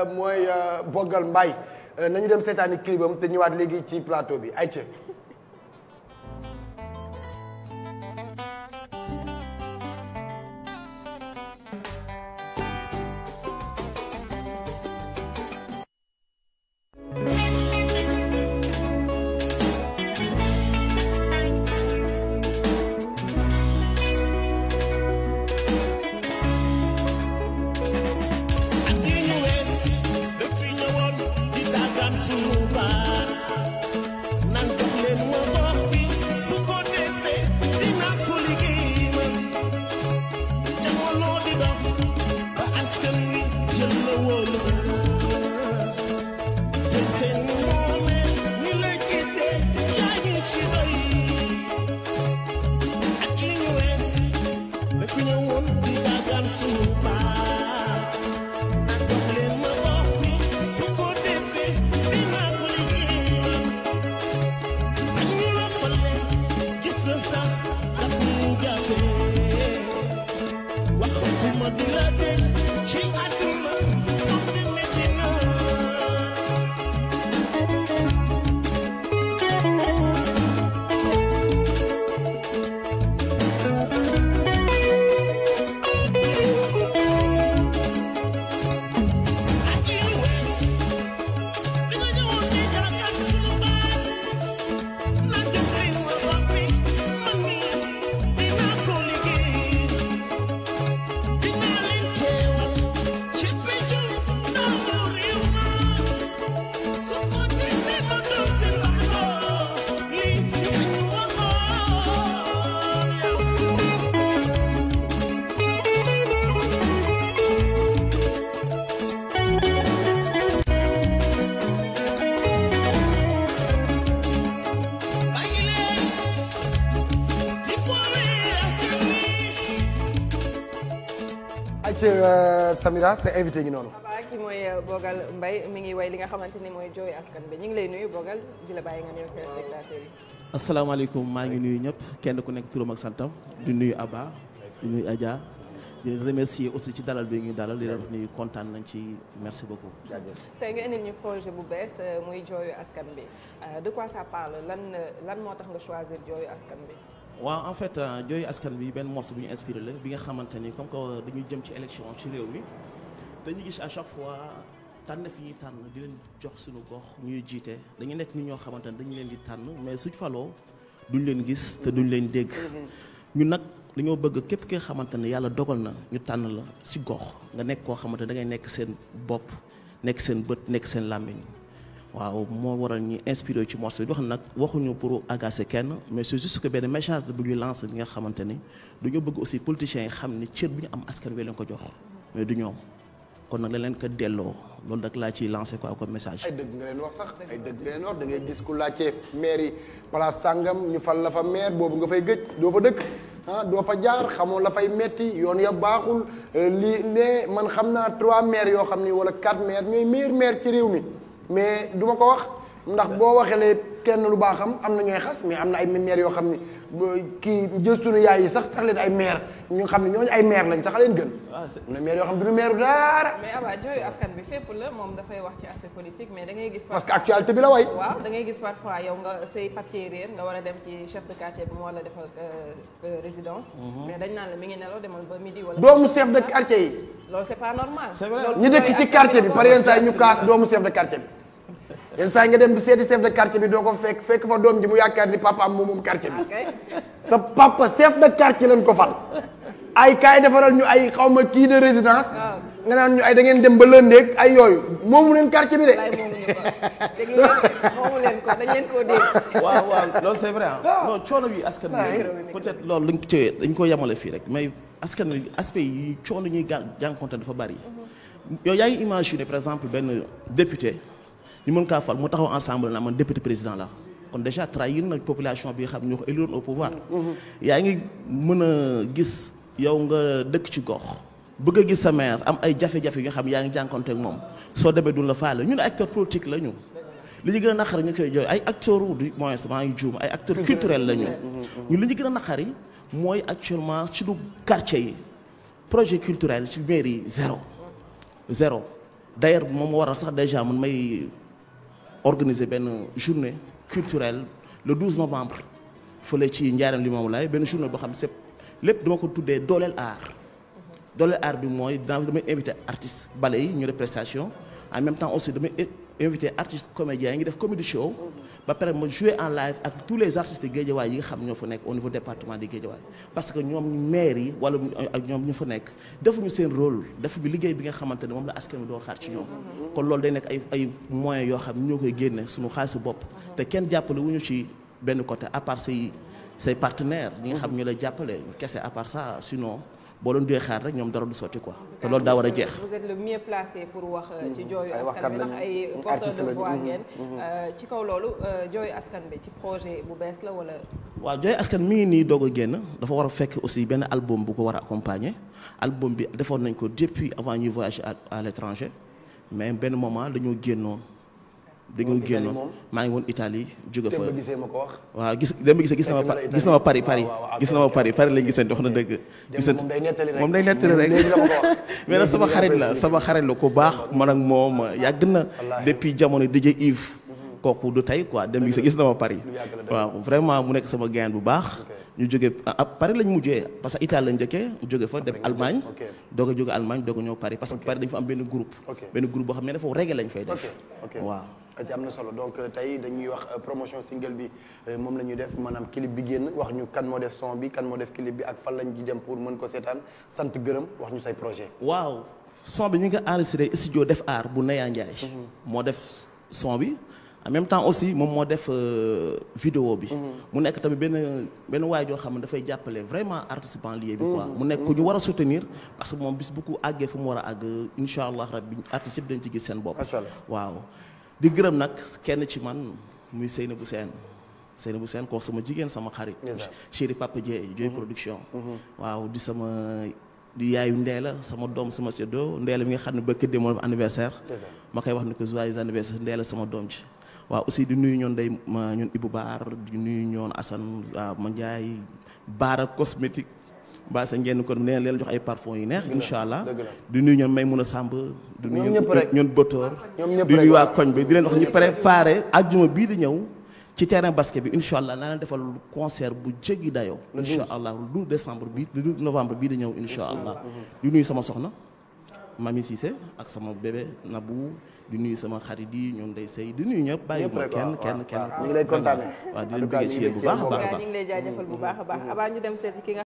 Euh, mooy euh, Bogal mbaay euh, nañu dem seetaani clip am te ñëwaat léegi ci plateau bi ay suñu baax nan def leen ma dox bi su ko defee dinaa ko liggéey man jamono di dox ba askan wi jël Euh, Samira sa invité ngi noonu. waaw kii mooy euh, Bogal Mbaye mi ngi way li nga xamante ni mooy jooy askan bi ñu ngi lay nuyu Bogal di bàyyi nga nuyu téléspectateurs yi. asalaamaaleykum maa ngi nuyu ñëpp kenn ku nekk turam ak santam di nuyu Abba di nuyu Adja remercier aussi ci dalal bi ñuy dalal di leen wax kontaan nañ ci merci beaucoup. tey nga indil ñu projet bu bees euh, muy jooyu askan bi de quoi ça parle lan lan moo tax nga choisir jooyu askan bi. waaw en fait euh, jooyu askan bi benn mos bu ñu inspiré la bi nga xamante ni comme que dañuy jëm ci élection ci réew mi dañuy gis à chaque fois tànneef yi tànn di leen jox suñu gox ñuy jiite dañu nekk ni ñoo xamante ne dañu leen di tànn mais suñ faloo duñ leen gis te duñ leen dégg ñu nag dañoo bëgg képp ki nga xamante ne yàlla dogal na ñu tànn la si gox nga nekk koo xamante ne da ngay nekk seen bopp nekk seen bët nekk seen làmmiñ waaw moo waral ñu inspiré ci morceau bi wax nag waxuñu pour agacer kenn mais c'est juste que benn message bu ñuy lancé bi nga xamante ni dañoo bëgg aussi politiciens yi xam ni cër bi ñu am askan wi leen ko jox mais du ñoom kon nag la leen ko delloo loolu nag laa ciy lancé quoi comme message. ay dëgg nga leen wax sax ay dëgg nga leen da ngay gis ku laajte maire yi place sàngam ñu fal la fa maire boobu nga fay gëj doo fa dëkk. ah doo fa jaar xamoo la fay metti yoon ya baaxul euh, lii ne man xam naa trois maires yoo xam ni wala quatre maires ñooy meilleur maire ci réew mi. mais du ma ko wax ndax boo waxee kenn lu baaxam am na ñooy xas mais am na ay maire yoo xam ni kii jël sunu yaay yi sax sax leen ay maire ñu xam ne ñooñu ay maire lañ sax leen gën. waaw ah, na yoo xam ne du maire dara. la moom dafay wax ci aspect mais da ngay gis. parce que actualité bi la way waaw da ngay gis war a dem ci chef de quartier bi mu war euh, euh, mhm. la ngi nelaw demal ba midi wala. doomu chef de quartier yi. loolu dëkk ci quartier bi par yenn saa ñu kaas doomu chef de quartier bi. yenn saa nga dem bi seeti chef de quartier bi doo ko fekk fekk fa doom ji mu yaakaar ni papa am moom moom quartier bi sa papa chef de quartier lañ ko fal ay kaay defaral ñu ay xaw ma kii de résidence ah. nga naan ñu ay da ngeen dem ba lëndeeg ay yooyu moomu leen quartier bi de. moomu leen ko koo dégg. waaw waaw loolu c'est vrai ah. non coono bi askan wi. Ah. peut-être loolu lañ ko cee dañ ko yemale fii rek mais askan wi aspect yi coono ñuy jànkonte dafa bari. Mhm. yooyu yaa ngi imaginer par exemple benn député. ñu mën kaa fal mu taxaw ensemble naa man député président la kon déjà trahir na population bii xam ñoo ko éliroon au pouvoir mm-hmm. yaa ngi mën a gis yow nga dëkk ci gox bëgg a gis sa maire am ay jafe-jafe yi xam yaa ngi jànkonteeg moom soo demee duñ la faale ñun acteur politique la ñu li ñu gën a koy jooy ay acteur du moins maa ngi juum ay acteur culturel la ñu mm-hmm. ñun li ñu gën a naqari mooy actuellement ci du quartier yi projet culturel ci mairie zéro zéro d'ailleurs moom war sax déjà man may organiser benn journée culturelle le 12 novembre fële ci njaaram li moomu laay benn journée boo xam sëpp lépp dama ko tuddee dooleel art dooleel art bi mooy dans damay invité artiste ballet ñu def prestation en même temps aussi damay invité artiste comédien yi ngi def comédie show ba pare ma jouer en live ak tous les artistes de Guédiawaay yi nga xam ñoo fa nekk au niveau département de Guédiawaay parce que ñoom maire yi wala ak ñoom ñu fa nekk defuñu seen role rôle defuñu liggéey bi nga xamante ne moom la askan wi doo xaar ci ñoom kon loolu day nekk ay ay yoo xam ñoo koy génne suñu xaalisu bopp te kenn jàppale wuñu ci benn côté à part say say partenaires ñi nga xam ñu lay jàppale kese à part ça sinon boo doon jooy xaar rek ñoom dara du sotti quoi te loolu daa a jeex. vous êtes pour wax. Euh, ci mm-hmm. jooyu askan bi ndax ay porteurs de voix mm-hmm. Mm-hmm. Euh, ci kaw loolu euh, jooyu askan ci projet bu bees la wala. waaw jooyu askan mi ngi nii doog a génn dafa war a fekk aussi benn album bu ko war a accompagner album bi defoon nañ ko depuis avant ñuy voyager à à l' étranger mais benn moment dañoo génnoon. dañoo génn maa ngi woon Italie jóge fa waaw gis Demba Guissé gis na ma gis na ma Paris Paris gis na ma Paris Paris lañ gisante wax na dëgg gisante moom day nettali rek mais nag sama xarit la sama xarit la ku baax ma ak moom yàgg na depuis jamono DJ Yves mhm. kooku du tey quoi Demba Guissé gis na ma Paris waaw vraiment mu nekk sama gain bu baax ñu jóge ah, ah, Paris lañ mujjee parce que Italie lañ njëkkee jóge fa dem Allemagne doog a jóge Allemagne doog a ñëw Paris parce que Paris dañ fa am benn groupe benn groupe boo xam ne dafa reggae lañ fay def waaw am solo donc euh, tey dañuy wax euh, promotion single bi euh, moom la ñuy def maanaam clip bi génn wax ñu kan moo def son bi kan moo def clip bi ak fan lañ di dem pour mën ko seetaan sant wax ñu say projet waaw son bi ñu ngi enregistré studio Def Art bu Naya Ndiaye mhm. moo def son bi en même temps aussi moom moo def euh, vidéo bi mhm. mu nekk tamit benn benn waay joo xam ne dafay jàppale vraiment artiste banlieue bi quoi mhm. mu nekk ku ñu mhm. war a soutenir parce que moom bis bu ko àggee fu mu war a àgg insha allah rabbi artiste yëpp dañ ci gis seen bopp waaw di gërëm nag kenn ci man muy Seynabou Sène bu Sène koo sama jigéen sama xarit chéri Papa Dieye Dieye production waaw di sama di yaayu Ndéla sama doom sama seddo ndeela mi nga xam ne bëkk démoon anniversaire ma koy wax ni ko joyeux anniversaire sama doom ci waaw aussi di nuyu ñoon day ñun Ibou Baar di nuyu ñoon Assane waaw ma Ndiaye Baara cosmétique mbaa sa ngeen kon nee leen jox ay parfum yu neex incha allah di may mun Maymouna Samb di nuyu ñoon Botor di nuyu waa koñ bi di leen wax ñu préparé ajjuma bii di ñëw ci terrain basket bi incha allah naa leen defal concert bu jéggi dayoo incha allah le 12 décembre bi le novembre bii di ñëw incha allah di nuyu sama soxna Mami Cissé ak sama bébé Nabou di nuyu sama xarit yi nu day sëy di nuyu ñëpp bàyyi ma kenn kenn kenn. ñu ngi lay kontaanee. waaw bu baax a baax. a baax. ñu dem seeti ki nga